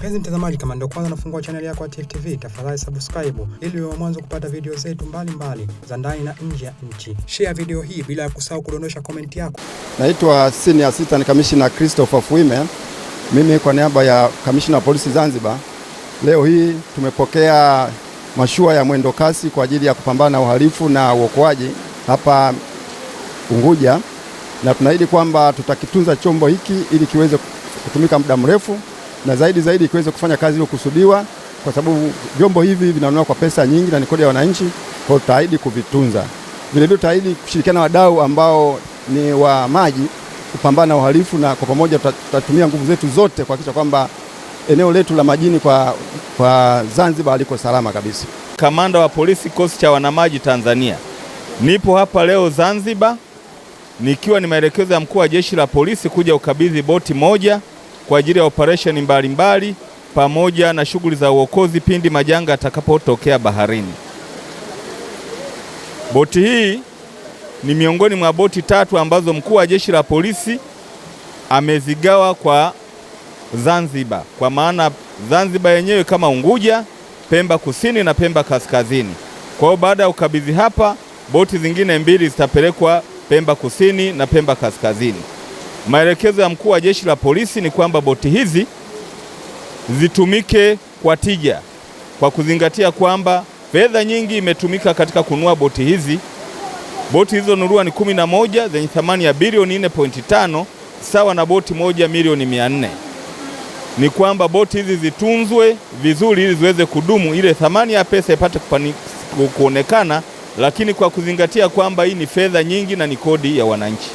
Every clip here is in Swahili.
Mpenzi mtazamaji, kama ndio kwanza nafungua chaneli yako ya Tifu TV, tafadhali subscribe ili uwe mwanzo kupata video zetu mbalimbali za ndani na nje ya nchi. Share video hii bila ya kusahau kudondosha komenti yako. Naitwa Senior Assistant Commissioner Christopher fuime Mimi kwa niaba ya kamishina wa Polisi Zanzibar, leo hii tumepokea mashua ya mwendo kasi kwa ajili ya kupambana na uhalifu na uokoaji hapa Unguja, na tunaahidi kwamba tutakitunza chombo hiki ili kiweze kutumika muda mrefu na zaidi zaidi ikiweza kufanya kazi iliyokusudiwa, kwa sababu vyombo hivi vinanunua kwa pesa nyingi na ni kodi ya wananchi, kwa tutaahidi kuvitunza. Vilevile tutaahidi kushirikiana na wadau ambao ni wa maji kupambana na uhalifu, na kwa pamoja tutatumia nguvu zetu zote kuhakikisha kwamba eneo letu la majini kwa, kwa Zanzibar liko salama kabisa. Kamanda wa polisi kikosi cha wanamaji Tanzania, nipo hapa leo Zanzibar nikiwa ni maelekezo ya mkuu wa jeshi la polisi kuja ukabidhi boti moja kwa ajili ya operesheni mbalimbali pamoja na shughuli za uokozi pindi majanga yatakapotokea baharini. Boti hii ni miongoni mwa boti tatu ambazo mkuu wa jeshi la polisi amezigawa kwa Zanzibar, kwa maana Zanzibar yenyewe kama Unguja, Pemba Kusini na Pemba Kaskazini. Kwa hiyo baada ya ukabidhi hapa, boti zingine mbili zitapelekwa Pemba Kusini na Pemba Kaskazini. Maelekezo ya mkuu wa jeshi la polisi ni kwamba boti hizi zitumike kwa tija, kwa kuzingatia kwamba fedha nyingi imetumika katika kununua boti hizi. Boti hizonunuliwa ni kumi na moja zenye thamani ya bilioni 4.5 sawa na boti moja milioni mia nne. Ni kwamba boti hizi zitunzwe vizuri ili ziweze kudumu, ile thamani ya pesa ipate kuonekana, lakini kwa kuzingatia kwamba hii ni fedha nyingi na ni kodi ya wananchi.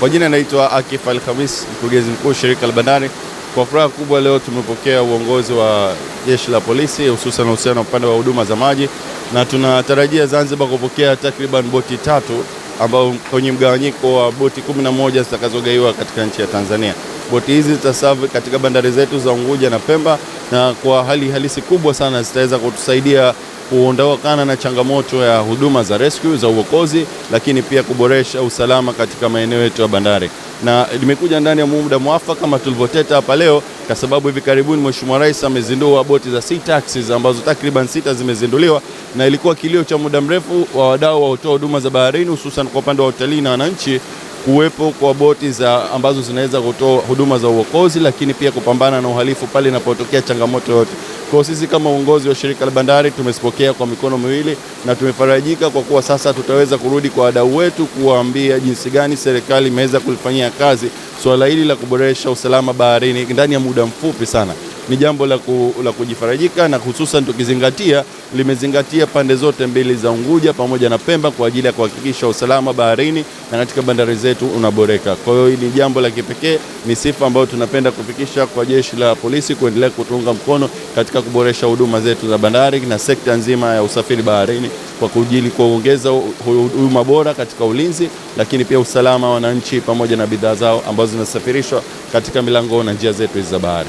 Kwa jina naitwa Akif Al Khamis, mkurugenzi mkuu shirika la bandari. Kwa furaha kubwa leo tumepokea uongozi wa jeshi la polisi, hususan uhusiana na upande wa huduma za maji, na tunatarajia Zanzibar kupokea takriban boti tatu ambao kwenye mgawanyiko wa boti 11 zitakazogaiwa katika nchi ya Tanzania. Boti hizi zitasafi katika bandari zetu za Unguja na Pemba, na kwa hali halisi kubwa sana zitaweza kutusaidia kuondokana na changamoto ya huduma za rescue za uokozi, lakini pia kuboresha usalama katika maeneo yetu ya bandari, na limekuja ndani ya muda mwafaka kama tulivyoteta hapa leo, kwa sababu hivi karibuni Mheshimiwa Rais amezindua boti za sea taxis ambazo takriban sita zimezinduliwa, na ilikuwa kilio cha muda mrefu wa wadau wa kutoa huduma za baharini, hususan kwa upande wa utalii na wananchi kuwepo kwa boti za ambazo zinaweza kutoa huduma za uokozi, lakini pia kupambana na uhalifu pale inapotokea changamoto yoyote. Kwa sisi kama uongozi wa shirika la bandari tumesipokea kwa mikono miwili na tumefarajika kwa kuwa sasa tutaweza kurudi kwa wadau wetu kuwaambia jinsi gani serikali imeweza kulifanyia kazi suala hili la kuboresha usalama baharini ndani ya muda mfupi sana ni jambo la, ku, la kujifarajika na hususan tukizingatia limezingatia pande zote mbili za Unguja pamoja na Pemba kwa ajili ya kuhakikisha usalama baharini na katika bandari zetu unaboreka. Kwa hiyo ni jambo la kipekee, ni sifa ambayo tunapenda kufikisha kwa jeshi la polisi kuendelea kutunga mkono katika kuboresha huduma zetu za bandari na sekta nzima ya usafiri baharini kwa kujili kuongeza huduma bora katika ulinzi, lakini pia usalama wa wananchi pamoja na bidhaa zao ambazo zinasafirishwa katika milango na njia zetu za bahari.